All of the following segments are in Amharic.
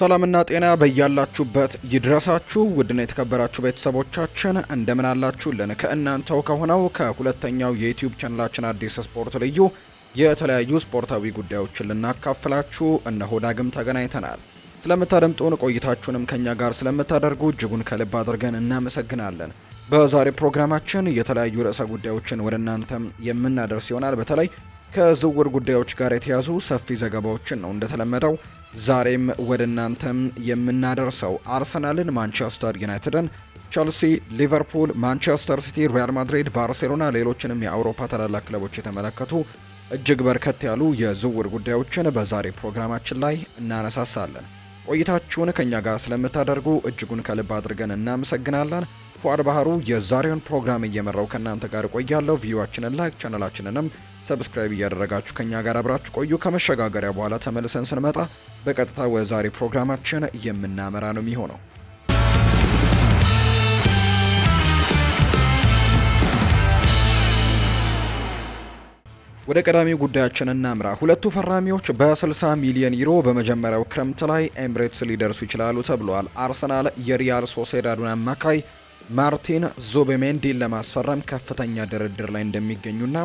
ሰላምና ጤና በያላችሁበት ይድረሳችሁ ውድና የተከበራችሁ ቤተሰቦቻችን እንደምን አላችሁልን? ከእናንተው ከሆነው ከሁለተኛው የዩትዩብ ቻናላችን አዲስ ስፖርት ልዩ የተለያዩ ስፖርታዊ ጉዳዮችን ልናካፍላችሁ እነሆ ዳግም ተገናኝተናል። ስለምታደምጡን ቆይታችሁንም ከኛ ጋር ስለምታደርጉ እጅጉን ከልብ አድርገን እናመሰግናለን። በዛሬ ፕሮግራማችን የተለያዩ ርዕሰ ጉዳዮችን ወደ እናንተም የምናደርስ ይሆናል። በተለይ ከዝውውር ጉዳዮች ጋር የተያዙ ሰፊ ዘገባዎችን ነው እንደተለመደው ዛሬም ወደ እናንተም የምናደርሰው አርሰናልን፣ ማንቸስተር ዩናይትድን፣ ቸልሲ፣ ሊቨርፑል፣ ማንቸስተር ሲቲ፣ ሪያል ማድሪድ፣ ባርሴሎና ሌሎችንም የአውሮፓ ታላላቅ ክለቦች የተመለከቱ እጅግ በርከት ያሉ የዝውውር ጉዳዮችን በዛሬ ፕሮግራማችን ላይ እናነሳሳለን። ቆይታችሁን ከእኛ ጋር ስለምታደርጉ እጅጉን ከልብ አድርገን እናመሰግናለን። ፉአድ ባህሩ የዛሬውን ፕሮግራም እየመራው ከእናንተ ጋር ቆያለሁ። ቪዲዮችንን ላይክ፣ ቻናላችንንም ሰብስክራይብ እያደረጋችሁ ከእኛ ጋር አብራችሁ ቆዩ። ከመሸጋገሪያ በኋላ ተመልሰን ስንመጣ በቀጥታ ወደ ዛሬ ፕሮግራማችን የምናመራ ነው የሚሆነው። ወደ ቀዳሚ ጉዳያችን እናምራ። ሁለቱ ፈራሚዎች በ60 ሚሊዮን ዩሮ በመጀመሪያው ክረምት ላይ ኤምሬትስ ሊደርሱ ይችላሉ ተብሏል። አርሰናል የሪያል ሶሴዳዱን አማካይ ማርቲን ዙቢሜንዲን ለማስፈረም ከፍተኛ ድርድር ላይ እንደሚገኙና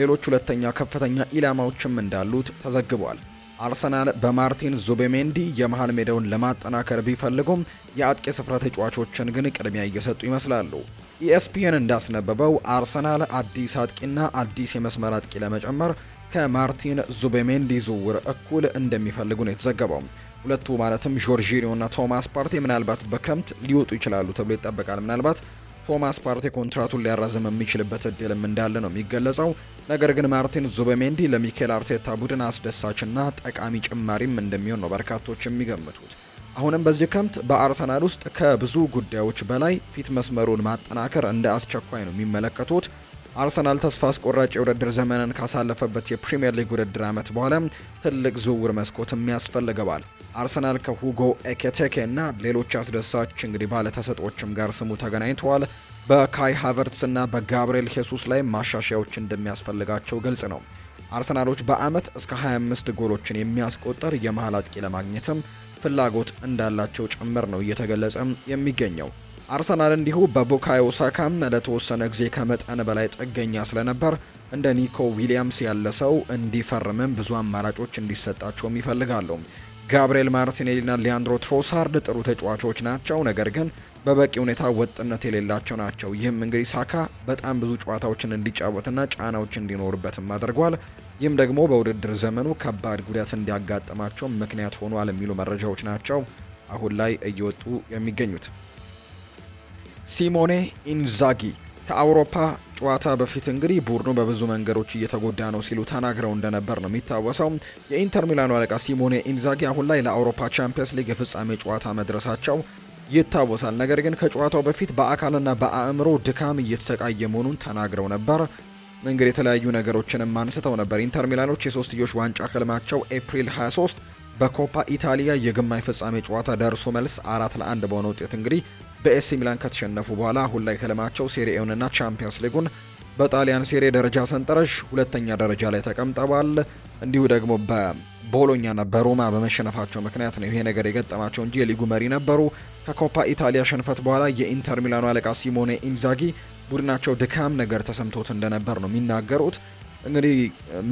ሌሎች ሁለተኛ ከፍተኛ ኢላማዎችም እንዳሉት ተዘግቧል። አርሰናል በማርቲን ዙቤሜንዲ የመሃል ሜዳውን ለማጠናከር ቢፈልጉም የአጥቂ ስፍራ ተጫዋቾችን ግን ቅድሚያ እየሰጡ ይመስላሉ። ኢኤስፒኤን e እንዳስነበበው አርሰናል አዲስ አጥቂና አዲስ የመስመር አጥቂ ለመጨመር ከማርቲን ዙቤሜንዲ ዝውውር እኩል እንደሚፈልጉ ነው የተዘገበው። ሁለቱ ማለትም ጆርጂኒዮ እና ቶማስ ፓርቲ ምናልባት በክረምት ሊወጡ ይችላሉ ተብሎ ይጠበቃል። ምናልባት ቶማስ ፓርቴ ኮንትራቱን ሊያራዝም የሚችልበት እድልም እንዳለ ነው የሚገለጸው። ነገር ግን ማርቲን ዙበሜንዲ ለሚኬል አርቴታ ቡድን አስደሳችና ጠቃሚ ጭማሪም እንደሚሆን ነው በርካቶች የሚገምቱት። አሁንም በዚህ ክረምት በአርሰናል ውስጥ ከብዙ ጉዳዮች በላይ ፊት መስመሩን ማጠናከር እንደ አስቸኳይ ነው የሚመለከቱት። አርሰናል ተስፋ አስቆራጭ የውድድር ዘመንን ካሳለፈበት የፕሪምየር ሊግ ውድድር ዓመት በኋላ ትልቅ ዝውውር መስኮትም ያስፈልገዋል። አርሰናል ከሁጎ ኤኬቴኬ እና ሌሎች አስደሳች እንግዲህ ባለተሰጦችም ጋር ስሙ ተገናኝተዋል። በካይ ሃቨርትስ እና በጋብርኤል ሄሱስ ላይ ማሻሻያዎች እንደሚያስፈልጋቸው ግልጽ ነው። አርሰናሎች በአመት እስከ 25 ጎሎችን የሚያስቆጠር የመሃል አጥቂ ለማግኘትም ፍላጎት እንዳላቸው ጭምር ነው እየተገለጸ የሚገኘው። አርሰናል እንዲሁ በቡካዮ ሳካም ለተወሰነ ጊዜ ከመጠን በላይ ጥገኛ ስለነበር እንደ ኒኮ ዊሊያምስ ያለ ሰው እንዲፈርምም ብዙ አማራጮች እንዲሰጣቸውም ይፈልጋሉ። ጋብርኤል ማርቲኔሊና ሊያንድሮ ትሮሳርድ ጥሩ ተጫዋቾች ናቸው፣ ነገር ግን በበቂ ሁኔታ ወጥነት የሌላቸው ናቸው። ይህም እንግዲህ ሳካ በጣም ብዙ ጨዋታዎችን እንዲጫወትና ጫናዎች እንዲኖርበትም አድርጓል። ይህም ደግሞ በውድድር ዘመኑ ከባድ ጉዳት እንዲያጋጥማቸው ምክንያት ሆኗል የሚሉ መረጃዎች ናቸው አሁን ላይ እየወጡ የሚገኙት። ሲሞኔ ኢንዛጊ ከአውሮፓ ጨዋታ በፊት እንግዲህ ቡድኑ በብዙ መንገዶች እየተጎዳ ነው ሲሉ ተናግረው እንደነበር ነው የሚታወሰው። የኢንተር ሚላኑ አለቃ ሲሞኔ ኢንዛጊ አሁን ላይ ለአውሮፓ ቻምፒየንስ ሊግ የፍጻሜ ጨዋታ መድረሳቸው ይታወሳል። ነገር ግን ከጨዋታው በፊት በአካልና በአእምሮ ድካም እየተሰቃየ መሆኑን ተናግረው ነበር። እንግዲህ የተለያዩ ነገሮችንም አንስተው ነበር። ኢንተር ሚላኖች የሶስትዮሽ ዋንጫ ህልማቸው ኤፕሪል 23 በኮፓ ኢታሊያ የግማሽ ፍጻሜ ጨዋታ ደርሶ መልስ አራት ለአንድ በሆነ ውጤት እንግዲህ በኤሲ ሚላን ከተሸነፉ በኋላ አሁን ላይ ከለማቸው ሴሪኤውንና ቻምፒየንስ ሊጉን በጣሊያን ሴሪ ደረጃ ሰንጠረዥ ሁለተኛ ደረጃ ላይ ተቀምጠዋል። እንዲሁ ደግሞ በቦሎኛና በሮማ በመሸነፋቸው ምክንያት ነው ይሄ ነገር የገጠማቸው እንጂ የሊጉ መሪ ነበሩ። ከኮፓ ኢታሊያ ሸንፈት በኋላ የኢንተር ሚላኑ አለቃ ሲሞኔ ኢንዛጊ ቡድናቸው ድካም ነገር ተሰምቶት እንደነበር ነው የሚናገሩት። እንግዲህ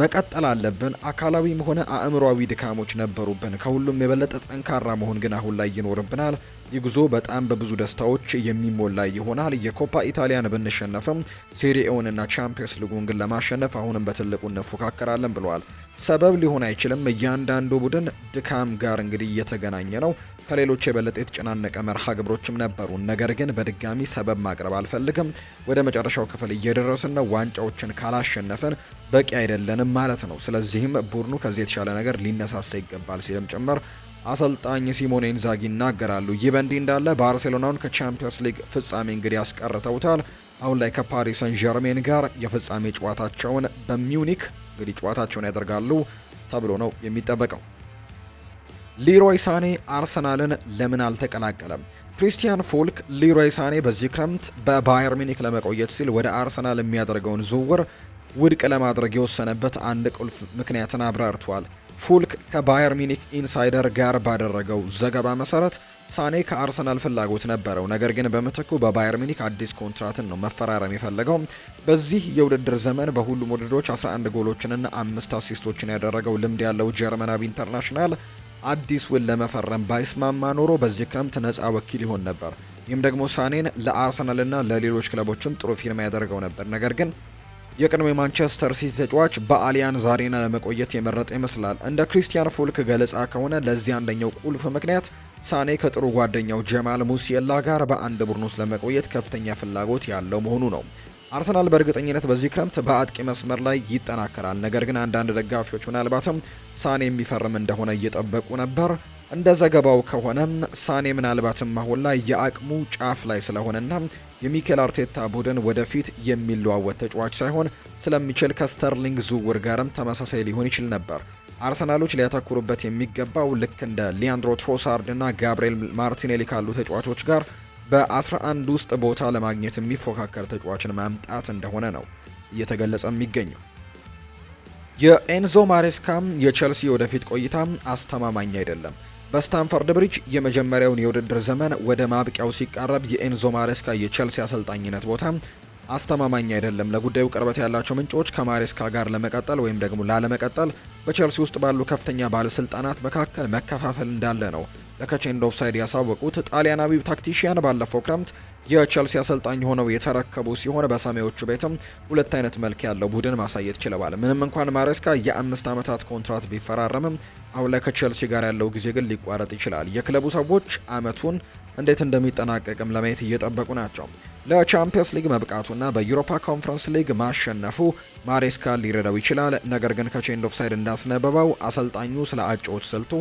መቀጠል አለብን። አካላዊም ሆነ አእምሯዊ ድካሞች ነበሩብን። ከሁሉም የበለጠ ጠንካራ መሆን ግን አሁን ላይ ይኖርብናል። ይህ ጉዞ በጣም በብዙ ደስታዎች የሚሞላ ይሆናል። የኮፓ ኢታሊያን ብንሸነፍም ሴሪኤውንና ቻምፒየንስ ሊጉን ግን ለማሸነፍ አሁንም በትልቁ እንፎካከራለን ብለዋል። ሰበብ ሊሆን አይችልም። እያንዳንዱ ቡድን ድካም ጋር እንግዲህ እየተገናኘ ነው። ከሌሎች የበለጠ የተጨናነቀ መርሃ ግብሮችም ነበሩ። ነገር ግን በድጋሚ ሰበብ ማቅረብ አልፈልግም። ወደ መጨረሻው ክፍል እየደረስን ነው። ዋንጫዎችን ካላሸነፍን በቂ አይደለንም ማለት ነው። ስለዚህም ቡድኑ ከዚህ የተሻለ ነገር ሊነሳሳ ይገባል ሲልም ጭምር አሰልጣኝ ሲሞኔ ኢንዛጊ ይናገራሉ። ይህ በእንዲህ እንዳለ ባርሴሎናውን ከቻምፒየንስ ሊግ ፍጻሜ እንግዲህ ያስቀርተውታል። አሁን ላይ ከፓሪስ ሰን ዠርሜን ጋር የፍጻሜ ጨዋታቸውን በሚዩኒክ እንግዲህ ጨዋታቸውን ያደርጋሉ ተብሎ ነው የሚጠበቀው። ሊሮይ ሳኔ አርሰናልን ለምን አልተቀላቀለም? ክሪስቲያን ፎልክ ሊሮይ ሳኔ በዚህ ክረምት በባየር ሚኒክ ለመቆየት ሲል ወደ አርሰናል የሚያደርገውን ዝውውር ውድቅ ለማድረግ የወሰነበት አንድ ቁልፍ ምክንያትን አብራርቷል። ፉልክ ከባየር ሚኒክ ኢንሳይደር ጋር ባደረገው ዘገባ መሰረት ሳኔ ከአርሰናል ፍላጎት ነበረው፣ ነገር ግን በምትኩ በባየር ሚኒክ አዲስ ኮንትራትን ነው መፈራረም የፈለገው። በዚህ የውድድር ዘመን በሁሉም ውድድሮች 11 ጎሎችንና አምስት አሲስቶችን ያደረገው ልምድ ያለው ጀርመናዊ ኢንተርናሽናል አዲስ ውል ለመፈረም ባይስማማ ኖሮ በዚህ ክረምት ነፃ ወኪል ይሆን ነበር። ይህም ደግሞ ሳኔን ለአርሰናልና ለሌሎች ክለቦችም ጥሩ ፊርማ ያደርገው ነበር። ነገር ግን የቀድሞ የማንቸስተር ሲቲ ተጫዋች በአሊያን ዛሬና ለመቆየት የመረጠ ይመስላል። እንደ ክሪስቲያን ፉልክ ገለጻ ከሆነ ለዚህ አንደኛው ቁልፍ ምክንያት ሳኔ ከጥሩ ጓደኛው ጀማል ሙሲየላ ጋር በአንድ ቡድን ውስጥ ለመቆየት ከፍተኛ ፍላጎት ያለው መሆኑ ነው። አርሰናል በእርግጠኝነት በዚህ ክረምት በአጥቂ መስመር ላይ ይጠናከራል። ነገር ግን አንዳንድ ደጋፊዎች ምናልባትም ሳኔ የሚፈርም እንደሆነ እየጠበቁ ነበር። እንደ ዘገባው ከሆነም ሳኔ ምናልባትም አሁን ላይ የአቅሙ ጫፍ ላይ ስለሆነና የሚኬል አርቴታ ቡድን ወደፊት የሚለዋወጥ ተጫዋች ሳይሆን ስለሚችል ከስተርሊንግ ዝውውር ጋርም ተመሳሳይ ሊሆን ይችል ነበር። አርሰናሎች ሊያተኩሩበት የሚገባው ልክ እንደ ሊያንድሮ ትሮሳርድ እና ጋብርኤል ማርቲኔሊ ካሉ ተጫዋቾች ጋር በ11 ውስጥ ቦታ ለማግኘት የሚፎካከር ተጫዋችን ማምጣት እንደሆነ ነው እየተገለጸ የሚገኘው። የኤንዞ ማሬስካም የቼልሲ ወደፊት ቆይታ አስተማማኝ አይደለም። በስታንፈርድ ብሪጅ የመጀመሪያውን የውድድር ዘመን ወደ ማብቂያው ሲቃረብ የኤንዞ ማሬስካ የቼልሲ አሰልጣኝነት ቦታ አስተማማኝ አይደለም። ለጉዳዩ ቅርበት ያላቸው ምንጮች ከማሬስካ ጋር ለመቀጠል ወይም ደግሞ ላለመቀጠል በቼልሲ ውስጥ ባሉ ከፍተኛ ባለስልጣናት መካከል መከፋፈል እንዳለ ነው ለከቼንዶ ኦፍሳይድ ያሳወቁት ጣሊያናዊ ታክቲሽያን ባለፈው ክረምት የቸልሲ አሰልጣኝ ሆነው የተረከቡ ሲሆን በሰማዮቹ ቤትም ሁለት አይነት መልክ ያለው ቡድን ማሳየት ችለዋል። ምንም እንኳን ማሬስካ የአምስት ዓመታት ኮንትራት ቢፈራረምም አሁን ላይ ከቸልሲ ጋር ያለው ጊዜ ግን ሊቋረጥ ይችላል። የክለቡ ሰዎች አመቱን እንዴት እንደሚጠናቀቅም ለማየት እየጠበቁ ናቸው። ለቻምፒየንስ ሊግ መብቃቱና በዩሮፓ ኮንፈረንስ ሊግ ማሸነፉ ማሬስካ ሊረዳው ይችላል። ነገር ግን ከቼንድ ኦፍ እንዳስነበበው አሰልጣኙ ስለ አጨዋወት ስልቱ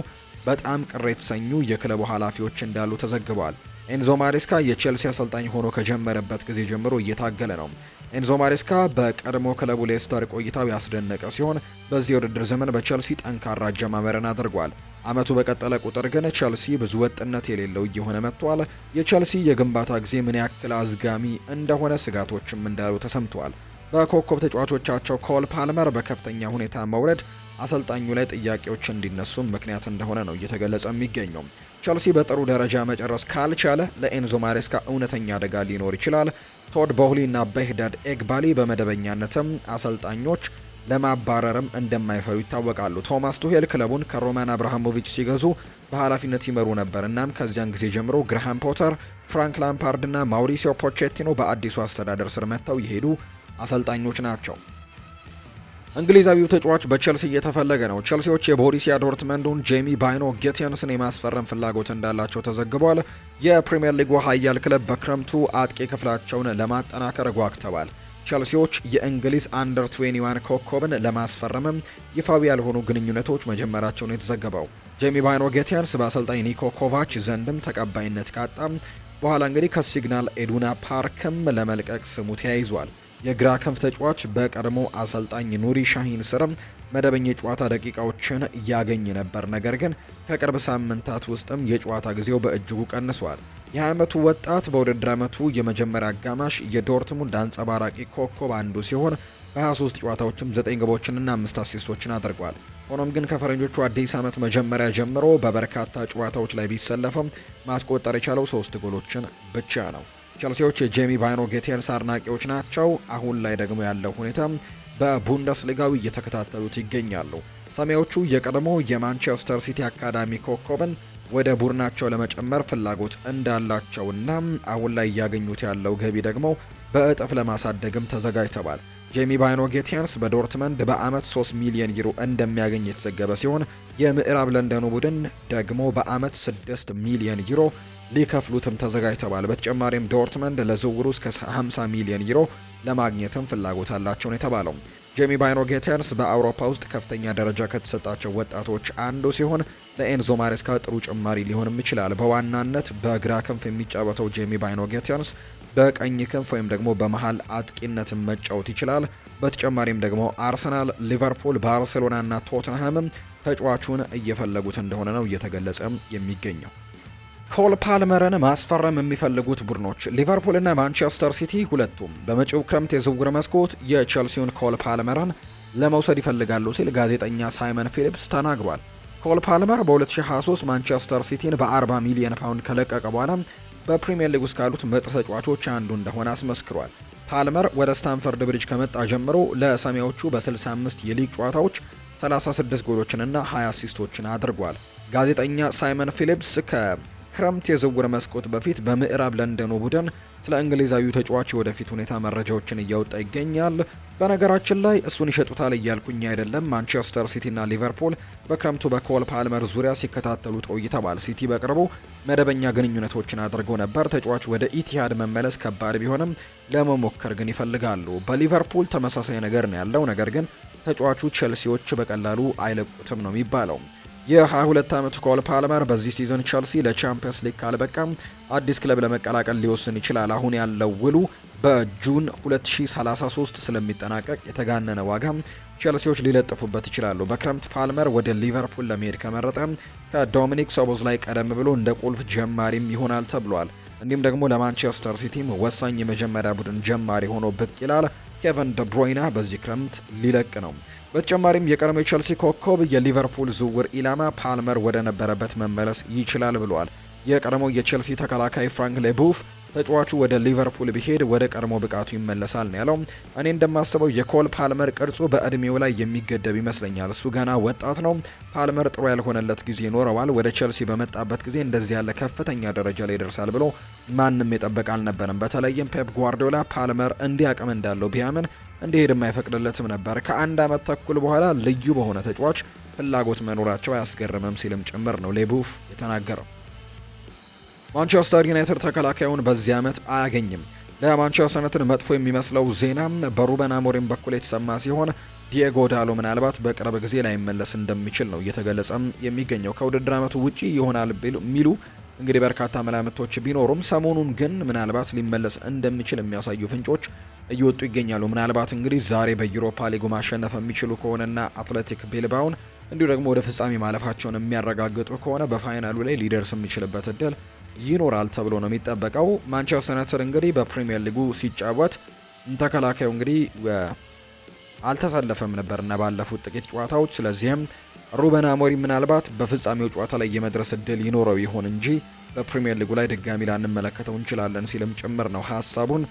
በጣም ቅር የተሰኙ የክለቡ ኃላፊዎች እንዳሉ ተዘግቧል። ኤንዞ ማሬስካ የቼልሲ አሰልጣኝ ሆኖ ከጀመረበት ጊዜ ጀምሮ እየታገለ ነው። ኤንዞ ማሬስካ በቀድሞ ክለቡ ሌስተር ቆይታው ያስደነቀ ሲሆን በዚህ የውድድር ዘመን በቼልሲ ጠንካራ አጀማመርን አድርጓል። አመቱ በቀጠለ ቁጥር ግን ቼልሲ ብዙ ወጥነት የሌለው እየሆነ መጥቷል። የቼልሲ የግንባታ ጊዜ ምን ያክል አዝጋሚ እንደሆነ ስጋቶችም እንዳሉ ተሰምተዋል። በኮከብ ተጫዋቾቻቸው ኮል ፓልመር በከፍተኛ ሁኔታ መውረድ አሰልጣኙ ላይ ጥያቄዎች እንዲነሱ ምክንያት እንደሆነ ነው እየተገለጸ የሚገኘው። ቸልሲ በጥሩ ደረጃ መጨረስ ካልቻለ ለኤንዞ ማሬስካ እውነተኛ አደጋ ሊኖር ይችላል። ቶድ ቦህሊ እና በህዳድ ኤግባሊ በመደበኛነትም አሰልጣኞች ለማባረርም እንደማይፈሩ ይታወቃሉ። ቶማስ ቱሄል ክለቡን ከሮማን አብርሃሞቪች ሲገዙ በኃላፊነት ይመሩ ነበር። እናም ከዚያን ጊዜ ጀምሮ ግርሃም ፖተር፣ ፍራንክ ላምፓርድ እና ማውሪሲዮ ፖቼቲኖ በአዲሱ አስተዳደር ስር መጥተው የሄዱ አሰልጣኞች ናቸው። እንግሊዛዊው ተጫዋች በቼልሲ እየተፈለገ ነው። ቼልሲዎች የቦሪሲያ ዶርትመንዱን ጄሚ ባይኖ ጌቴንስን የማስፈረም ፍላጎት እንዳላቸው ተዘግቧል። የፕሪምየር ሊጉ ኃያል ክለብ በክረምቱ አጥቂ ክፍላቸውን ለማጠናከር ጓግተዋል። ቸልሲዎች የእንግሊዝ አንደር 21 ኮከብን ለማስፈረምም ይፋዊ ያልሆኑ ግንኙነቶች መጀመራቸውን የተዘገበው ጄሚ ባይኖ ጌቴንስ በአሰልጣኝ ኒኮ ኮቫች ዘንድም ተቀባይነት ካጣም በኋላ እንግዲህ ከሲግናል ኤዱና ፓርክም ለመልቀቅ ስሙ ተያይዟል። የግራ ክንፍ ተጫዋች በቀድሞ አሰልጣኝ ኑሪ ሻሂን ስርም መደበኛ የጨዋታ ደቂቃዎችን ያገኝ ነበር። ነገር ግን ከቅርብ ሳምንታት ውስጥም የጨዋታ ጊዜው በእጅጉ ቀንሷል። የ20 ዓመቱ ወጣት በውድድር ዓመቱ የመጀመሪያ አጋማሽ የዶርትሙንድ አንጸባራቂ ኮከብ አንዱ ሲሆን በ23 ጨዋታዎችም 9 ግቦችንና 5 አሲስቶችን አድርጓል። ሆኖም ግን ከፈረንጆቹ አዲስ ዓመት መጀመሪያ ጀምሮ በበርካታ ጨዋታዎች ላይ ቢሰለፍም ማስቆጠር የቻለው ሶስት ጎሎችን ብቻ ነው። ቸልሲዎች የጄሚ ባይኖ ጌቴንስ አድናቂዎች ናቸው። አሁን ላይ ደግሞ ያለው ሁኔታ በቡንደስሊጋው እየተከታተሉት ይገኛሉ። ሰማያዎቹ የቀድሞ የማንቸስተር ሲቲ አካዳሚ ኮከብን ወደ ቡድናቸው ለመጨመር ፍላጎት እንዳላቸውና አሁን ላይ እያገኙት ያለው ገቢ ደግሞ በእጥፍ ለማሳደግም ተዘጋጅተዋል። ጄሚ ባይኖ ጌቲያንስ በዶርትመንድ በአመት 3 ሚሊዮን ዩሮ እንደሚያገኝ የተዘገበ ሲሆን የምዕራብ ለንደኑ ቡድን ደግሞ በአመት 6 ሚሊዮን ዩሮ ሊከፍሉትም ተዘጋጅተዋል። በተጨማሪም ዶርትመንድ ለዝውውሩ እስከ 50 ሚሊዮን ዩሮ ለማግኘትም ፍላጎት አላቸው ነው የተባለው። ጄሚ ባይኖ ጌተርስ በአውሮፓ ውስጥ ከፍተኛ ደረጃ ከተሰጣቸው ወጣቶች አንዱ ሲሆን ለኤንዞ ማሬስካ ጥሩ ጭማሪ ሊሆንም ይችላል። በዋናነት በግራ ክንፍ የሚጫወተው ጄሚ ባይኖ ጌተርስ በቀኝ ክንፍ ወይም ደግሞ በመሃል አጥቂነትን መጫወት ይችላል። በተጨማሪም ደግሞ አርሰናል፣ ሊቨርፑል፣ ባርሴሎና እና ቶትንሃምም ተጫዋቹን እየፈለጉት እንደሆነ ነው እየተገለጸ የሚገኘው። ኮል ፓልመርን ማስፈረም የሚፈልጉት ቡድኖች ሊቨርፑልና ማንቸስተር ሲቲ ሁለቱም በመጪው ክረምት የዝውውር መስኮት የቼልሲውን ኮል ፓልመርን ለመውሰድ ይፈልጋሉ ሲል ጋዜጠኛ ሳይመን ፊሊፕስ ተናግሯል። ኮል ፓልመር በ2023 ማንቸስተር ሲቲን በ40 ሚሊዮን ፓውንድ ከለቀቀ በኋላ በፕሪምየር ሊግ ውስጥ ካሉት ምርጥ ተጫዋቾች አንዱ እንደሆነ አስመስክሯል። ፓልመር ወደ ስታንፈርድ ብሪጅ ከመጣ ጀምሮ ለሰሜዎቹ በ65 የሊግ ጨዋታዎች 36 ጎሎችንና 20 አሲስቶችን አድርጓል። ጋዜጠኛ ሳይመን ፊሊፕስ ከ ክረምት የዝውውር መስኮት በፊት በምዕራብ ለንደኑ ቡድን ስለ እንግሊዛዊ ተጫዋች የወደፊት ሁኔታ መረጃዎችን እያወጣ ይገኛል። በነገራችን ላይ እሱን ይሸጡታል እያልኩኝ አይደለም። ማንቸስተር ሲቲና ሊቨርፑል በክረምቱ በኮል ፓልመር ዙሪያ ሲከታተሉ ቆይተዋል። ሲቲ በቅርቡ መደበኛ ግንኙነቶችን አድርገው ነበር። ተጫዋች ወደ ኢቲሃድ መመለስ ከባድ ቢሆንም ለመሞከር ግን ይፈልጋሉ። በሊቨርፑል ተመሳሳይ ነገር ነው ያለው። ነገር ግን ተጫዋቹ ቼልሲዎች በቀላሉ አይለቁትም ነው የሚባለው። የ22 ዓመቱ ኮል ፓልመር በዚህ ሲዝን ቸልሲ ለቻምፒየንስ ሊግ ካልበቃም አዲስ ክለብ ለመቀላቀል ሊወስን ይችላል። አሁን ያለው ውሉ በጁን 2033 ስለሚጠናቀቅ የተጋነነ ዋጋ ቸልሲዎች ሊለጥፉበት ይችላሉ። በክረምት ፓልመር ወደ ሊቨርፑል ለመሄድ ከመረጠ ከዶሚኒክ ሶቦዝ ላይ ቀደም ብሎ እንደ ቁልፍ ጀማሪም ይሆናል ተብሏል። እንዲሁም ደግሞ ለማንቸስተር ሲቲም ወሳኝ የመጀመሪያ ቡድን ጀማሪ ሆኖ ብቅ ይላል። ኬቨን ደብሮይና በዚህ ክረምት ሊለቅ ነው። በተጨማሪም የቀድሞ የቸልሲ ኮከብ የሊቨርፑል ዝውውር ኢላማ ፓልመር ወደ ነበረበት መመለስ ይችላል ብሏል። የቀድሞ የቼልሲ ተከላካይ ፍራንክ ሌቡፍ ተጫዋቹ ወደ ሊቨርፑል ቢሄድ ወደ ቀድሞ ብቃቱ ይመለሳል ነው ያለው። እኔ እንደማስበው የኮል ፓልመር ቅርጹ በእድሜው ላይ የሚገደብ ይመስለኛል። እሱ ገና ወጣት ነው። ፓልመር ጥሩ ያልሆነለት ጊዜ ይኖረዋል። ወደ ቸልሲ በመጣበት ጊዜ እንደዚህ ያለ ከፍተኛ ደረጃ ላይ ይደርሳል ብሎ ማንም የጠበቅ አልነበረም። በተለይም ፔፕ ጓርዲዮላ ፓልመር እንዲህ አቅም እንዳለው ቢያምን እንዲሄድም አይፈቅድለትም ነበር። ከአንድ ዓመት ተኩል በኋላ ልዩ በሆነ ተጫዋች ፍላጎት መኖራቸው አያስገርምም ሲልም ጭምር ነው ሌቡፍ የተናገረው። ማንቸስተር ዩናይትድ ተከላካዩን በዚህ ዓመት አያገኝም። ለማንቸስተር ዩናይትድ መጥፎ የሚመስለው ዜና በሩበን አሞሪም በኩል የተሰማ ሲሆን ዲየጎ ዳሎ ምናልባት በቅርብ ጊዜ ላይመለስ እንደሚችል ነው እየተገለጸም የሚገኘው። ከውድድር ዓመቱ ውጪ ይሆናል የሚሉ እንግዲህ በርካታ መላምቶች ቢኖሩም ሰሞኑን ግን ምናልባት ሊመለስ እንደሚችል የሚያሳዩ ፍንጮች እየወጡ ይገኛሉ። ምናልባት እንግዲህ ዛሬ በዩሮፓ ሊጉ ማሸነፍ የሚችሉ ከሆነና አትሌቲክ ቢልባውን እንዲሁ ደግሞ ወደ ፍጻሜ ማለፋቸውን የሚያረጋግጡ ከሆነ በፋይናሉ ላይ ሊደርስ የሚችልበት እድል ይኖራል ተብሎ ነው የሚጠበቀው። ማንቸስተር ዩናይትድ እንግዲህ በፕሪሚየር ሊጉ ሲጫወት ተከላካዩ እንግዲህ አልተሰለፈም ነበርና ባለፉት ጥቂት ጨዋታዎች። ስለዚህም ሩበን አሞሪ ምናልባት በፍጻሜው ጨዋታ ላይ የመድረስ እድል ይኖረው ይሆን እንጂ በፕሪሚየር ሊጉ ላይ ድጋሚ ላንመለከተው እንችላለን ሲልም ጭምር ነው ሀሳቡን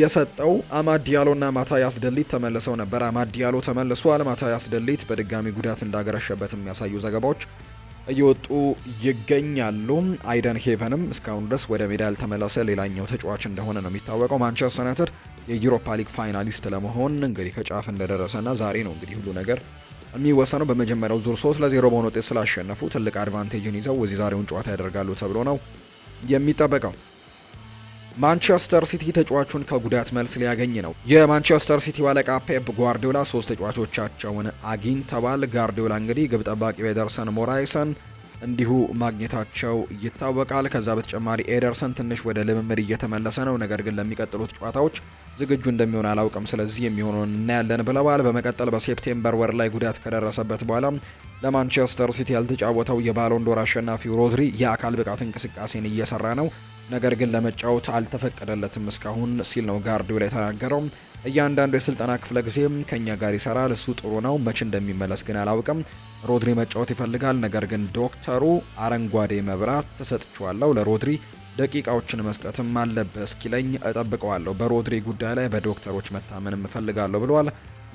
የሰጠው። አማድ ዲያሎና ማታያስ ደሊት ተመልሰው ነበር። አማድ ዲያሎ ተመልሷል። ማታያስ ደሊት በድጋሚ ጉዳት እንዳገረሸበት የሚያሳዩ ዘገባዎች እየወጡ ይገኛሉ። አይደን ሄቨንም እስካሁን ድረስ ወደ ሜዳ ያልተመለሰ ሌላኛው ተጫዋች እንደሆነ ነው የሚታወቀው። ማንቸስተር ዩናይትድ የዩሮፓ ሊግ ፋይናሊስት ለመሆን እንግዲህ ከጫፍ እንደደረሰና ዛሬ ነው እንግዲህ ሁሉ ነገር የሚወሰነው። በመጀመሪያው ዙር ሶስት ለዜሮ በሆነ ውጤት ስላሸነፉ ትልቅ አድቫንቴጅን ይዘው እዚህ ዛሬውን ጨዋታ ያደርጋሉ ተብሎ ነው የሚጠበቀው። ማንቸስተር ሲቲ ተጫዋቹን ከጉዳት መልስ ሊያገኝ ነው። የማንቸስተር ሲቲ አለቃ ፔፕ ጓርዲዮላ ሶስት ተጫዋቾቻቸውን አግኝተዋል። ጓርዲዮላ እንግዲህ ግብ ጠባቂው ኤደርሰን ሞራይሰን እንዲሁ ማግኘታቸው ይታወቃል። ከዛ በተጨማሪ ኤደርሰን ትንሽ ወደ ልምምድ እየተመለሰ ነው፣ ነገር ግን ለሚቀጥሉት ጨዋታዎች ዝግጁ እንደሚሆን አላውቅም፣ ስለዚህ የሚሆነውን እናያለን ብለዋል። በመቀጠል በሴፕቴምበር ወር ላይ ጉዳት ከደረሰበት በኋላ ለማንቸስተር ሲቲ ያልተጫወተው የባሎንዶር አሸናፊው ሮድሪ የአካል ብቃት እንቅስቃሴን እየሰራ ነው፣ ነገር ግን ለመጫወት አልተፈቀደለትም እስካሁን ሲል ነው ጋርዲዮላ የተናገረው። እያንዳንዱ የስልጠና ክፍለ ጊዜም ከኛ ጋር ይሰራል። እሱ ጥሩ ነው። መቼ እንደሚመለስ ግን አላውቅም። ሮድሪ መጫወት ይፈልጋል፣ ነገር ግን ዶክተሩ አረንጓዴ መብራት ተሰጥቼዋለሁ። ለሮድሪ ደቂቃዎችን መስጠትም አለብህ እስኪለኝ እጠብቀዋለሁ። በሮድሪ ጉዳይ ላይ በዶክተሮች መታመን እፈልጋለሁ ብለዋል።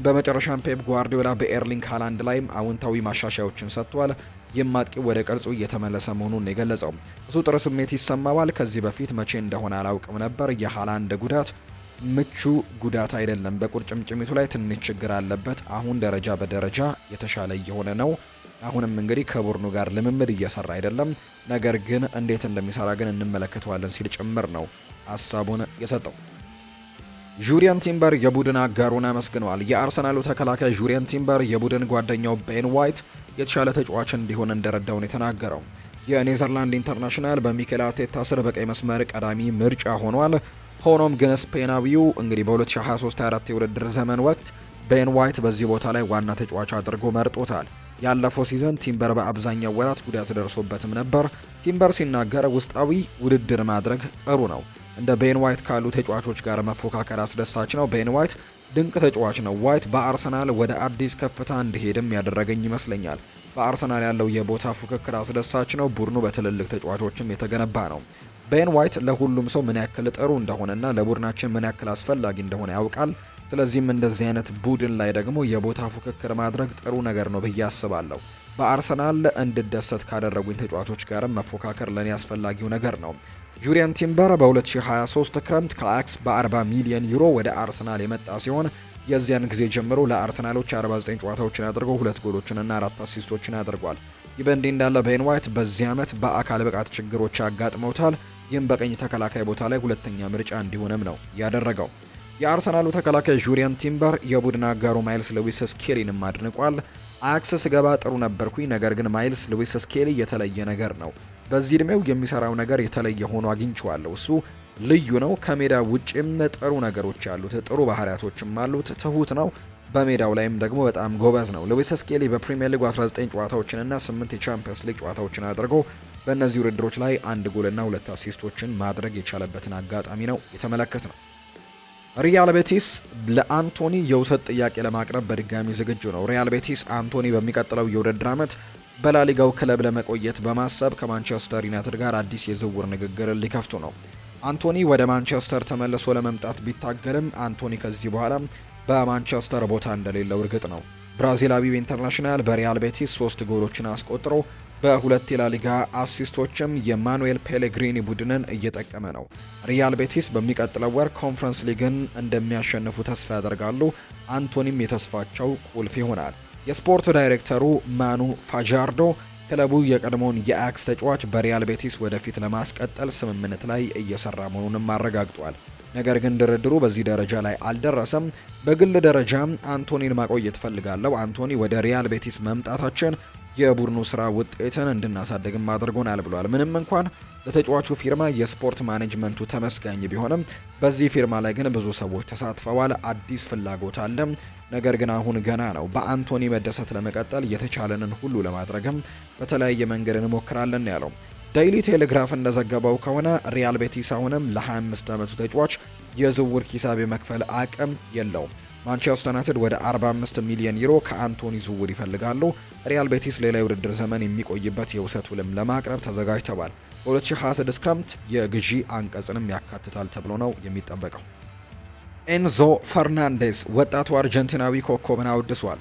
በመጨረሻም ፔፕ ጓርዲዮላ በኤርሊንግ ሃላንድ ላይም አውንታዊ ማሻሻያዎችን ሰጥቷል። ይህም አጥቂው ወደ ቅርጹ እየተመለሰ መሆኑን የገለጸው እሱ ጥሩ ስሜት ይሰማዋል። ከዚህ በፊት መቼ እንደሆነ አላውቅም ነበር። የሃላንድ ጉዳት ምቹ ጉዳት አይደለም። በቁርጭምጭሚቱ ላይ ትንሽ ችግር አለበት። አሁን ደረጃ በደረጃ የተሻለ እየሆነ ነው። አሁንም እንግዲህ ከቡድኑ ጋር ልምምድ እየሰራ አይደለም፣ ነገር ግን እንዴት እንደሚሰራ ግን እንመለከተዋለን ሲል ጭምር ነው ሀሳቡን የሰጠው። ጁሪያን ቲምበር የቡድን አጋሩን አመስግነዋል። የአርሰናሉ ተከላካይ ጁሪያን ቲምበር የቡድን ጓደኛው ቤን ዋይት የተሻለ ተጫዋች እንዲሆን እንደረዳውን የተናገረው የኔዘርላንድ ኢንተርናሽናል በሚኬል አርቴታ ስር በቀይ መስመር ቀዳሚ ምርጫ ሆኗል። ሆኖም ግን ስፔናዊው እንግዲህ በ2023/24 የውድድር ዘመን ወቅት ቤን ዋይት በዚህ ቦታ ላይ ዋና ተጫዋች አድርጎ መርጦታል። ያለፈው ሲዘን ቲምበር በአብዛኛው ወራት ጉዳት ደርሶበትም ነበር። ቲምበር ሲናገር ውስጣዊ ውድድር ማድረግ ጥሩ ነው እንደ ቤን ዋይት ካሉ ተጫዋቾች ጋር መፎካከር አስደሳች ነው። ቤን ዋይት ድንቅ ተጫዋች ነው። ዋይት በአርሰናል ወደ አዲስ ከፍታ እንዲሄድም ያደረገኝ ይመስለኛል። በአርሰናል ያለው የቦታ ፉክክር አስደሳች ነው። ቡድኑ በትልልቅ ተጫዋቾችም የተገነባ ነው። ቤን ዋይት ለሁሉም ሰው ምን ያክል ጥሩ እንደሆነና ለቡድናችን ምን ያክል አስፈላጊ እንደሆነ ያውቃል። ስለዚህም እንደዚህ አይነት ቡድን ላይ ደግሞ የቦታ ፉክክር ማድረግ ጥሩ ነገር ነው ብዬ አስባለሁ። በአርሰናል እንድደሰት ካደረጉኝ ተጫዋቾች ጋርም መፎካከር ለእኔ አስፈላጊው ነገር ነው። ጁሪያን ቲምበር በ2023 ክረምት ከአያክስ በ40 ሚሊዮን ዩሮ ወደ አርሰናል የመጣ ሲሆን የዚያን ጊዜ ጀምሮ ለአርሰናሎች 49 ጨዋታዎችን አድርጎ ሁለት ጎሎችንና አራት አሲስቶችን አድርጓል። ይህ በእንዲህ እንዳለ ቤን ዋይት በዚህ ዓመት በአካል ብቃት ችግሮች አጋጥመውታል። ይህም በቀኝ ተከላካይ ቦታ ላይ ሁለተኛ ምርጫ እንዲሆንም ነው ያደረገው። የአርሰናሉ ተከላካይ ጁሪያን ቲምበር የቡድን አጋሩ ማይልስ ሉዊስ ስኬሊንም አድንቋል። አያክስ ስገባ ጥሩ ነበርኩኝ፣ ነገር ግን ማይልስ ሉዊስ ስኬሊ የተለየ ነገር ነው በዚህ እድሜው የሚሰራው ነገር የተለየ ሆኖ አግኝቼዋለሁ። እሱ ልዩ ነው። ከሜዳ ውጭም ጥሩ ነገሮች አሉት፣ ጥሩ ባህሪያቶችም አሉት። ትሁት ነው። በሜዳው ላይም ደግሞ በጣም ጎበዝ ነው። ሉዊስ ስኬሊ በፕሪሚየር ሊግ 19 ጨዋታዎችንና 8 የቻምፒየንስ ሊግ ጨዋታዎችን አድርጎ በእነዚህ ውድድሮች ላይ አንድ ጎልና ሁለት አሲስቶችን ማድረግ የቻለበትን አጋጣሚ ነው የተመለከት ነው። ሪያል ቤቲስ ለአንቶኒ የውሰት ጥያቄ ለማቅረብ በድጋሚ ዝግጁ ነው። ሪያል ቤቲስ አንቶኒ በሚቀጥለው የውድድር ዓመት በላሊጋው ክለብ ለመቆየት በማሰብ ከማንቸስተር ዩናይትድ ጋር አዲስ የዝውውር ንግግር ሊከፍቱ ነው። አንቶኒ ወደ ማንቸስተር ተመልሶ ለመምጣት ቢታገልም አንቶኒ ከዚህ በኋላ በማንቸስተር ቦታ እንደሌለው እርግጥ ነው። ብራዚላዊው ኢንተርናሽናል በሪያል ቤቲስ ሶስት ጎሎችን አስቆጥሮ በሁለት የላሊጋ አሲስቶችም የማኑኤል ፔሌግሪኒ ቡድንን እየጠቀመ ነው። ሪያል ቤቲስ በሚቀጥለው ወር ኮንፈረንስ ሊግን እንደሚያሸንፉ ተስፋ ያደርጋሉ። አንቶኒም የተስፋቸው ቁልፍ ይሆናል። የስፖርት ዳይሬክተሩ ማኑ ፋጃርዶ ክለቡ የቀድሞውን የአክስ ተጫዋች በሪያል ቤቲስ ወደፊት ለማስቀጠል ስምምነት ላይ እየሰራ መሆኑንም አረጋግጧል። ነገር ግን ድርድሩ በዚህ ደረጃ ላይ አልደረሰም። በግል ደረጃ አንቶኒን ማቆየት ፈልጋለሁ። አንቶኒ ወደ ሪያል ቤቲስ መምጣታችን የቡድኑ ስራ ውጤትን እንድናሳድግም አድርጎናል ብሏል። ምንም እንኳን ለተጫዋቹ ፊርማ የስፖርት ማኔጅመንቱ ተመስጋኝ ቢሆንም በዚህ ፊርማ ላይ ግን ብዙ ሰዎች ተሳትፈዋል። አዲስ ፍላጎት አለ። ነገር ግን አሁን ገና ነው። በአንቶኒ መደሰት ለመቀጠል የተቻለንን ሁሉ ለማድረግም በተለያየ መንገድ እንሞክራለን ያለው ዳይሊ ቴሌግራፍ እንደዘገበው ከሆነ ሪያል ቤቲስ አሁንም ለ25 ዓመቱ ተጫዋች የዝውውር ሂሳብ የመክፈል አቅም የለውም። ማንቸስተር ዩናይትድ ወደ 45 ሚሊዮን ዩሮ ከአንቶኒ ዝውውር ይፈልጋሉ። ሪያል ቤቲስ ሌላ የውድድር ዘመን የሚቆይበት የውሰት ውልም ለማቅረብ ተዘጋጅተዋል። በ2026 ክረምት የግዢ አንቀጽንም ያካትታል ተብሎ ነው የሚጠበቀው። ኤንዞ ፈርናንዴስ ወጣቱ አርጀንቲናዊ ኮከብን አውድሷል።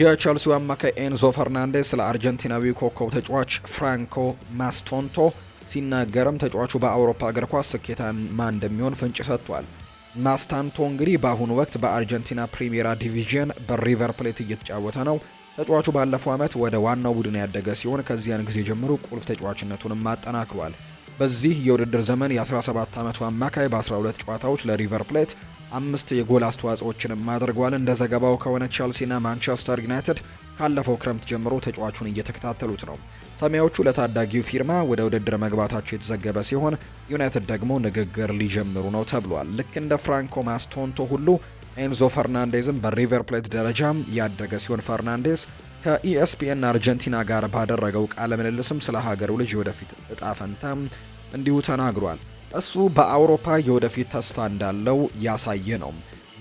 የቸልሲው አማካይ ኤንዞ ፈርናንዴስ ስለ አርጀንቲናዊ ኮከብ ተጫዋች ፍራንኮ ማስቶንቶ ሲናገርም ተጫዋቹ በአውሮፓ እግር ኳስ ስኬታማ እንደሚሆን ፍንጭ ሰጥቷል። ማስታንቶ እንግዲህ በአሁኑ ወቅት በአርጀንቲና ፕሪሚየራ ዲቪዥን በሪቨር ፕሌት እየተጫወተ ነው። ተጫዋቹ ባለፈው ዓመት ወደ ዋናው ቡድን ያደገ ሲሆን ከዚያን ጊዜ ጀምሮ ቁልፍ ተጫዋችነቱንም አጠናክሯል። በዚህ የውድድር ዘመን የ17 ዓመቱ አማካይ በ12 ጨዋታዎች ለሪቨር ፕሌት አምስት የጎል አስተዋጽኦችንም አድርጓል። እንደ ዘገባው ከሆነ ቸልሲና ማንቸስተር ዩናይትድ ካለፈው ክረምት ጀምሮ ተጫዋቹን እየተከታተሉት ነው። ሰማያዎቹ ለታዳጊው ፊርማ ወደ ውድድር መግባታቸው የተዘገበ ሲሆን ዩናይትድ ደግሞ ንግግር ሊጀምሩ ነው ተብሏል። ልክ እንደ ፍራንኮ ማስቶንቶ ሁሉ ኤንዞ ፈርናንዴዝም በሪቨር ፕሌት ደረጃ ያደገ ሲሆን ፈርናንዴዝ ከኢኤስፒኤን አርጀንቲና ጋር ባደረገው ቃለ ምልልስም ስለ ሀገሩ ልጅ የወደፊት እጣ ፈንታ እንዲሁ ተናግሯል። እሱ በአውሮፓ የወደፊት ተስፋ እንዳለው ያሳየ ነው።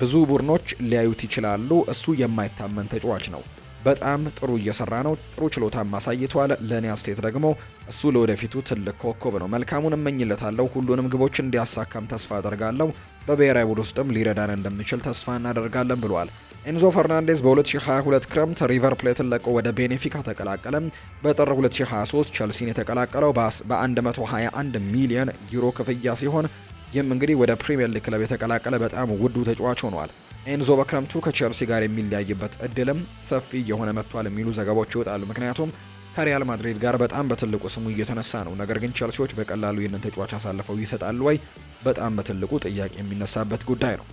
ብዙ ቡድኖች ሊያዩት ይችላሉ። እሱ የማይታመን ተጫዋች ነው። በጣም ጥሩ እየሰራ ነው። ጥሩ ችሎታም አሳይቷል። ለእኔ አስቴት ደግሞ እሱ ለወደፊቱ ትልቅ ኮከብ ነው። መልካሙን እመኝለታለሁ። ሁሉንም ግቦች እንዲያሳካም ተስፋ አደርጋለሁ። በብሔራዊ ቡድን ውስጥም ሊረዳን እንደሚችል ተስፋ እናደርጋለን ብሏል። ኤንዞ ፈርናንዴዝ በ2022 ክረምት ሪቨር ፕሌትን ለቆ ወደ ቤኔፊካ ተቀላቀለ። በጥር 2023 ቸልሲን የተቀላቀለው በ121 ሚሊዮን ዩሮ ክፍያ ሲሆን ይህም እንግዲህ ወደ ፕሪምየር ሊግ ክለብ የተቀላቀለ በጣም ውዱ ተጫዋች ሆኗል። ኤንዞ በክረምቱ ከቸልሲ ጋር የሚለያይበት እድልም ሰፊ እየሆነ መጥቷል የሚሉ ዘገባዎች ይወጣሉ። ምክንያቱም ከሪያል ማድሪድ ጋር በጣም በትልቁ ስሙ እየተነሳ ነው። ነገር ግን ቸልሲዎች በቀላሉ ይህንን ተጫዋች አሳልፈው ይሰጣሉ ወይ? በጣም በትልቁ ጥያቄ የሚነሳበት ጉዳይ ነው።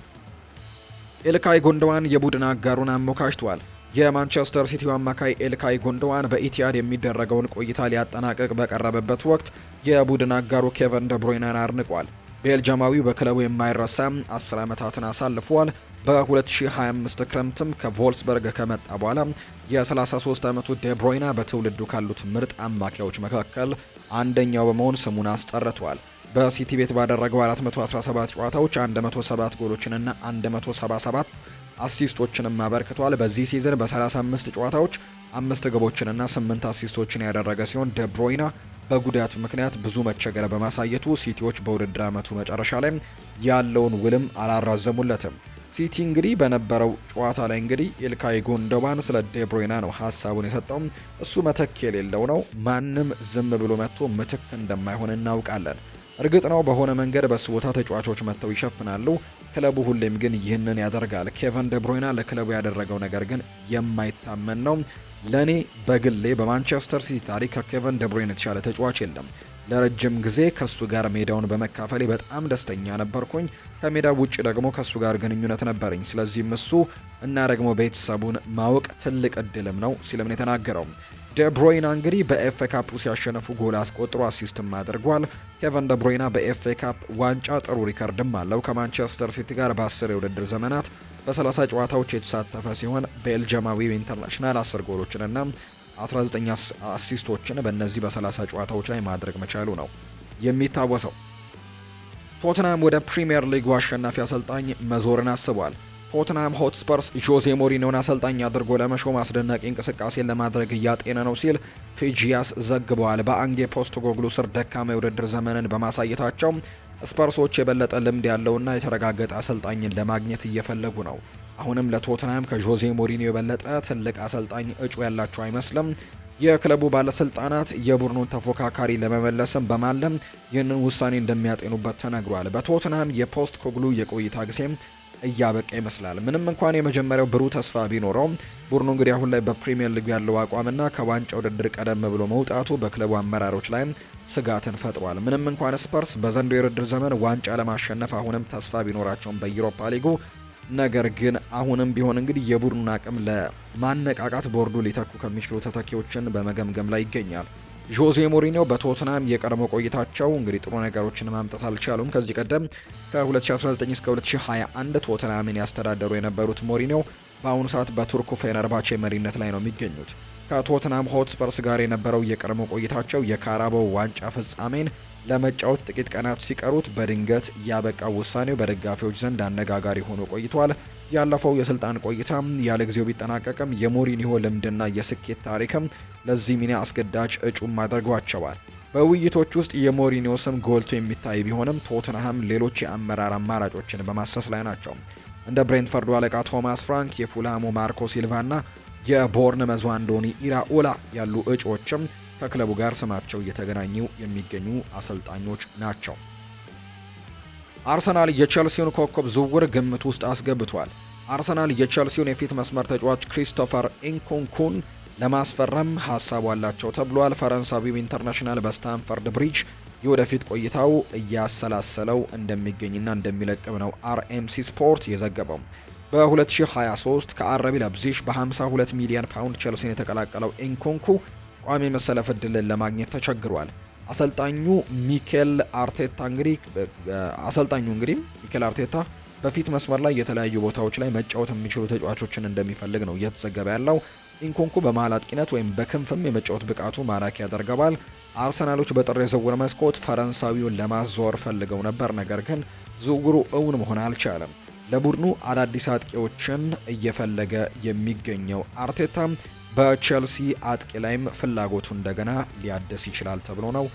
ኤልካይ ጎንደዋን የቡድን አጋሩን አሞካሽቷል። የማንቸስተር ሲቲው አማካይ ኤልካይ ጎንደዋን በኢቲያድ የሚደረገውን ቆይታ ሊያጠናቅቅ በቀረበበት ወቅት የቡድን አጋሩ ኬቨን ደብሮይናን አድንቋል። ቤልጅማዊው በክለቡ የማይረሳ 10 ዓመታትን አሳልፏል። በ2025 ክረምትም ከቮልስበርግ ከመጣ በኋላ የ33 ዓመቱ ደብሮይና በትውልዱ ካሉት ምርጥ አማካዮች መካከል አንደኛው በመሆን ስሙን አስጠርቷል። በሲቲ ቤት ባደረገው 417 ጨዋታዎች 107 ጎሎችንና 177 አሲስቶችንም አበርክቷል። በዚህ ሲዝን በ35 ጨዋታዎች አምስት ግቦችንና ስምንት አሲስቶችን ያደረገ ሲሆን ደብሮይና በጉዳት ምክንያት ብዙ መቸገር በማሳየቱ ሲቲዎች በውድድር ዓመቱ መጨረሻ ላይ ያለውን ውልም አላራዘሙለትም። ሲቲ እንግዲህ በነበረው ጨዋታ ላይ እንግዲህ ኢልካይ ጎንደባን ስለ ዴብሮይና ነው ሀሳቡን የሰጠው። እሱ መተክ የሌለው ነው። ማንም ዝም ብሎ መጥቶ ምትክ እንደማይሆን እናውቃለን። እርግጥ ነው በሆነ መንገድ በሱ ቦታ ተጫዋቾች መጥተው ይሸፍናሉ። ክለቡ ሁሌም ግን ይህንን ያደርጋል። ኬቨን ደብሮይና ለክለቡ ያደረገው ነገር ግን የማይታመን ነው። ለእኔ በግሌ በማንቸስተር ሲቲ ታሪክ ከኬቨን ደብሮይን የተሻለ ተጫዋች የለም። ለረጅም ጊዜ ከሱ ጋር ሜዳውን በመካፈሌ በጣም ደስተኛ ነበርኩኝ። ከሜዳ ውጭ ደግሞ ከሱ ጋር ግንኙነት ነበረኝ። ስለዚህም እሱ እና ደግሞ ቤተሰቡን ማወቅ ትልቅ እድልም ነው ሲልም ነው የተናገረው። ደብሮይና እንግዲህ በኤፍኤ ካፕ ሲያሸነፉ ጎል አስቆጥሮ አሲስትም አድርጓል። ኬቨን ደብሮይና በኤፍኤ ካፕ ዋንጫ ጥሩ ሪከርድም አለው። ከማንቸስተር ሲቲ ጋር በአስር የውድድር ዘመናት በ30 ጨዋታዎች የተሳተፈ ሲሆን ቤልጅማዊው ኢንተርናሽናል 10 ጎሎችንና 19 አሲስቶችን በእነዚህ በ30 ጨዋታዎች ላይ ማድረግ መቻሉ ነው የሚታወሰው። ቶትናም ወደ ፕሪምየር ሊጉ አሸናፊ አሰልጣኝ መዞርን አስቧል። ቶትናም ሆትስፐርስ ጆዜ ሞሪኒዮን አሰልጣኝ አድርጎ ለመሾም አስደናቂ እንቅስቃሴን ለማድረግ እያጤነ ነው ሲል ፊጂያስ ዘግበዋል። በአንጌ ፖስት ጎግሉ ስር ደካማ የውድድር ዘመንን በማሳየታቸው ስፐርሶች የበለጠ ልምድ ያለውና የተረጋገጠ አሰልጣኝን ለማግኘት እየፈለጉ ነው። አሁንም ለቶትናም ከጆዜ ሞሪኒዮ የበለጠ ትልቅ አሰልጣኝ እጩ ያላቸው አይመስልም። የክለቡ ባለስልጣናት የቡድኑን ተፎካካሪ ለመመለስም በማለም ይህንን ውሳኔ እንደሚያጤኑበት ተነግሯል። በቶትናም የፖስት ኮግሉ የቆይታ ጊዜም እያበቃ ይመስላል። ምንም እንኳን የመጀመሪያው ብሩህ ተስፋ ቢኖረውም ቡድኑ እንግዲህ አሁን ላይ በፕሪምየር ሊግ ያለው አቋምና ከዋንጫ ውድድር ቀደም ብሎ መውጣቱ በክለቡ አመራሮች ላይ ስጋትን ፈጥሯል። ምንም እንኳን ስፐርስ በዘንድሮው የውድድር ዘመን ዋንጫ ለማሸነፍ አሁንም ተስፋ ቢኖራቸውም በዩሮፓ ሊጉ ነገር ግን አሁንም ቢሆን እንግዲህ የቡድኑን አቅም ለማነቃቃት ቦርዱ ሊተኩ ከሚችሉ ተተኪዎችን በመገምገም ላይ ይገኛል። ዦዜ ሞሪኒዮ በቶትናም የቀድሞ ቆይታቸው እንግዲህ ጥሩ ነገሮችን ማምጣት አልቻሉም። ከዚህ ቀደም ከ2019 እስከ 2021 ቶትናምን ያስተዳደሩ የነበሩት ሞሪኒዮ በአሁኑ ሰዓት በቱርኩ ፌነርባቼ መሪነት ላይ ነው የሚገኙት። ከቶትናም ሆትስፐርስ ጋር የነበረው የቀድሞ ቆይታቸው የካራባው ዋንጫ ፍጻሜን ለመጫወት ጥቂት ቀናት ሲቀሩት በድንገት ያበቃው ውሳኔው በደጋፊዎች ዘንድ አነጋጋሪ ሆኖ ቆይቷል። ያለፈው የስልጣን ቆይታ ያለ ጊዜው ቢጠናቀቅም የሞሪኒሆ ልምድና የስኬት ታሪክም ለዚህ ሚና አስገዳጅ እጩም አድርጓቸዋል። በውይይቶች ውስጥ የሞሪኒዮ ስም ጎልቶ የሚታይ ቢሆንም ቶትንሃም ሌሎች የአመራር አማራጮችን በማሰስ ላይ ናቸው። እንደ ብሬንትፈርዱ አለቃ ቶማስ ፍራንክ፣ የፉላሙ ማርኮ ሲልቫና የቦርን መዟንዶኒ ኢራኦላ ያሉ እጩዎችም ከክለቡ ጋር ስማቸው እየተገናኙ የሚገኙ አሰልጣኞች ናቸው። አርሰናል የቼልሲውን ኮከብ ዝውውር ግምት ውስጥ አስገብቷል። አርሰናል የቼልሲውን የፊት መስመር ተጫዋች ክሪስቶፈር ኢንኩንኩን ለማስፈረም ሀሳቡ አላቸው ተብሏል። ፈረንሳዊው ኢንተርናሽናል በስታንፈርድ ብሪጅ የወደፊት ቆይታው እያሰላሰለው እንደሚገኝና እንደሚለቅም ነው አርኤምሲ ስፖርት የዘገበው። በ2023 ከአረቢ ለብዚሽ በ52 ሚሊዮን ፓውንድ ቼልሲን የተቀላቀለው ኢንኩንኩ ቋሚ መሰለፍ ዕድልን ለማግኘት ተቸግሯል። አሰልጣኙ ሚኬል አርቴታ እንግዲህ አሰልጣኙ እንግዲህ ሚኬል አርቴታ በፊት መስመር ላይ የተለያዩ ቦታዎች ላይ መጫወት የሚችሉ ተጫዋቾችን እንደሚፈልግ ነው እየተዘገበ ያለው። ኢንኮንኩ በመሀል አጥቂነት ወይም በክንፍም የመጫወት ብቃቱ ማራኪ ያደርገዋል። አርሰናሎች በጥር የዝውውር መስኮት ፈረንሳዊውን ለማዛወር ፈልገው ነበር፣ ነገር ግን ዝውውሩ እውን መሆን አልቻለም። ለቡድኑ አዳዲስ አጥቂዎችን እየፈለገ የሚገኘው አርቴታ በቼልሲ አጥቂ ላይም ፍላጎቱ እንደገና ሊያደስ ይችላል ተብሎ ነው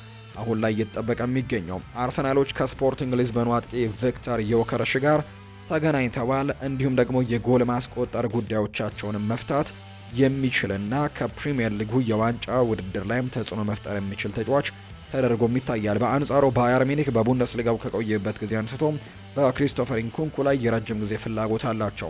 አሁን ላይ እየተጠበቀ የሚገኘው። አርሰናሎች ከስፖርቲንግ ሊዝበኑ አጥቂ ቪክተር ዮከርሽ ጋር ተገናኝተዋል። እንዲሁም ደግሞ የጎል ማስቆጠር ጉዳዮቻቸውንም መፍታት የሚችልና ከፕሪምየር ሊጉ የዋንጫ ውድድር ላይም ተጽዕኖ መፍጠር የሚችል ተጫዋች ተደርጎም ይታያል። በአንጻሩ ባየር ሚኒክ በቡንደስሊጋው ከቆየበት ጊዜ አንስቶ በክሪስቶፈር ኢንኩንኩ ላይ የረጅም ጊዜ ፍላጎት አላቸው።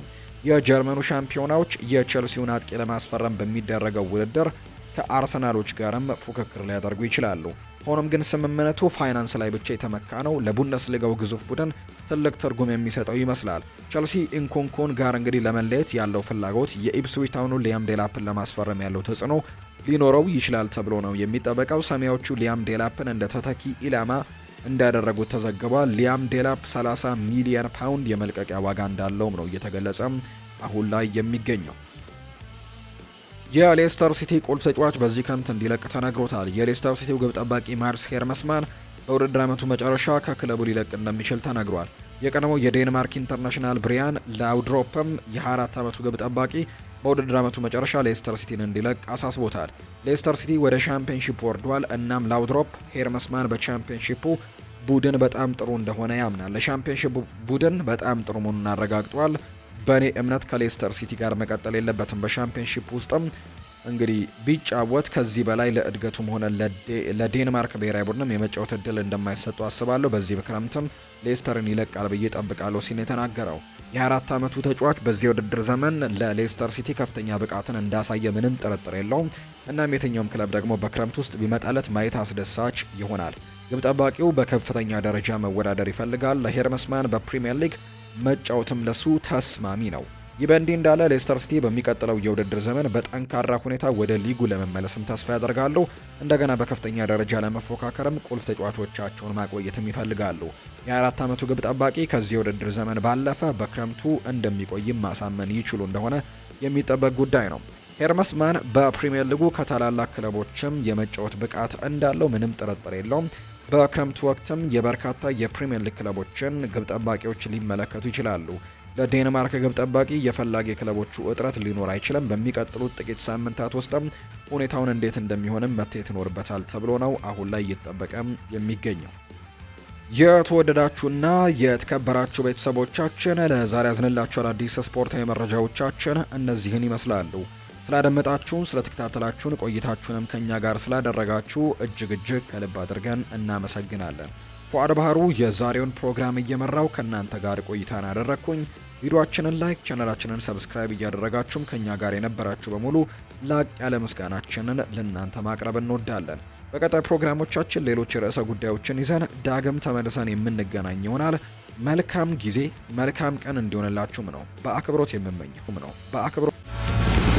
የጀርመኑ ሻምፒዮናዎች የቼልሲውን አጥቂ ለማስፈረም በሚደረገው ውድድር ከአርሰናሎች ጋርም ፉክክር ሊያደርጉ ይችላሉ። ሆኖም ግን ስምምነቱ ፋይናንስ ላይ ብቻ የተመካ ነው። ለቡንደስሊጋው ግዙፍ ቡድን ትልቅ ትርጉም የሚሰጠው ይመስላል። ቸልሲ ኢንኮንኮን ጋር እንግዲህ ለመለየት ያለው ፍላጎት የኢፕስዊች ታውኑ ሊያም ዴላፕን ለማስፈረም ያለው ተጽዕኖ ሊኖረው ይችላል ተብሎ ነው የሚጠበቀው። ሰሚያዎቹ ሊያም ዴላፕን እንደ ተተኪ ኢላማ እንዳደረጉት ተዘግቧል። ሊያም ዴላፕ 30 ሚሊየን ፓውንድ የመልቀቂያ ዋጋ እንዳለውም ነው እየተገለጸ አሁን ላይ የሚገኘው። የሌስተር ሲቲ ቁልፍ ተጫዋች በዚህ ክረምት እንዲለቅ ተነግሮታል። የሌስተር ሲቲው ግብ ጠባቂ ማርስ ሄርመስማን በውድድር ዓመቱ መጨረሻ ከክለቡ ሊለቅ እንደሚችል ተነግሯል። የቀድሞው የዴንማርክ ኢንተርናሽናል ብሪያን ላውድሮፕም የ24 ዓመቱ ግብ ጠባቂ በውድድር ዓመቱ መጨረሻ ሌስተር ሲቲን እንዲለቅ አሳስቦታል። ሌስተር ሲቲ ወደ ሻምፒዮንሺፕ ወርዷል። እናም ላውድሮፕ ሄርመስማን በቻምፒዮንሺፑ ቡድን በጣም ጥሩ እንደሆነ ያምናል። ለሻምፒዮንሺፕ ቡድን በጣም ጥሩ መሆኑን አረጋግጧል። በእኔ እምነት ከሌስተር ሲቲ ጋር መቀጠል የለበትም። በሻምፒዮንሺፕ ውስጥም እንግዲህ ቢጫወት ከዚህ በላይ ለእድገቱም ሆነ ለዴንማርክ ብሔራዊ ቡድንም የመጫወት እድል እንደማይሰጡ አስባለሁ። በዚህ ክረምትም ሌስተርን ይለቃል ብዬ ጠብቃለሁ ሲል የተናገረው የ24 ዓመቱ ተጫዋች በዚህ ውድድር ዘመን ለሌስተር ሲቲ ከፍተኛ ብቃትን እንዳሳየ ምንም ጥርጥር የለውም። እናም የትኛውም ክለብ ደግሞ በክረምት ውስጥ ቢመጣለት ማየት አስደሳች ይሆናል። ግብ ጠባቂው በከፍተኛ ደረጃ መወዳደር ይፈልጋል። ለሄርመስማን በፕሪምየር ሊግ መጫወትም ለሱ ተስማሚ ነው። ይህ በእንዲህ እንዳለ ሌስተር ሲቲ በሚቀጥለው የውድድር ዘመን በጠንካራ ሁኔታ ወደ ሊጉ ለመመለስም ተስፋ ያደርጋሉ። እንደገና በከፍተኛ ደረጃ ለመፎካከርም ቁልፍ ተጫዋቾቻቸውን ማቆየትም ይፈልጋሉ። የ24 ዓመቱ ግብ ጠባቂ ከዚህ የውድድር ዘመን ባለፈ በክረምቱ እንደሚቆይም ማሳመን ይችሉ እንደሆነ የሚጠበቅ ጉዳይ ነው። ሄርመስ ማን በፕሪምየር ሊጉ ከታላላቅ ክለቦችም የመጫወት ብቃት እንዳለው ምንም ጥርጥር የለውም። በክረምቱ ወቅትም የበርካታ የፕሪምየር ሊግ ክለቦችን ግብ ጠባቂዎች ሊመለከቱ ይችላሉ። ለዴንማርክ ግብ ጠባቂ የፈላጊ ክለቦቹ እጥረት ሊኖር አይችልም። በሚቀጥሉት ጥቂት ሳምንታት ውስጥም ሁኔታውን እንዴት እንደሚሆንም መታየት ይኖርበታል ተብሎ ነው አሁን ላይ እየተጠበቀ የሚገኘው። የተወደዳችሁና የተከበራችሁ ቤተሰቦቻችን ለዛሬ ያዝንላችሁ አዳዲስ ስፖርታዊ መረጃዎቻችን እነዚህን ይመስላሉ። ስላደመጣችሁን፣ ስለተከታተላችሁን ቆይታችሁንም ከእኛ ጋር ስላደረጋችሁ እጅግ እጅግ ከልብ አድርገን እናመሰግናለን። ፉአድ ባህሩ የዛሬውን ፕሮግራም እየመራው ከእናንተ ጋር ቆይታን አደረግኩኝ። ቪዲዮአችንን ላይክ፣ ቻናላችንን ሰብስክራይብ እያደረጋችሁም ከኛ ጋር የነበራችሁ በሙሉ ላቅ ያለ ምስጋናችንን ለእናንተ ማቅረብ እንወዳለን። በቀጣይ ፕሮግራሞቻችን ሌሎች ርዕሰ ጉዳዮችን ይዘን ዳግም ተመልሰን የምንገናኝ ይሆናል። መልካም ጊዜ፣ መልካም ቀን እንዲሆንላችሁም ነው በአክብሮት የምመኝም ነው በአክብሮት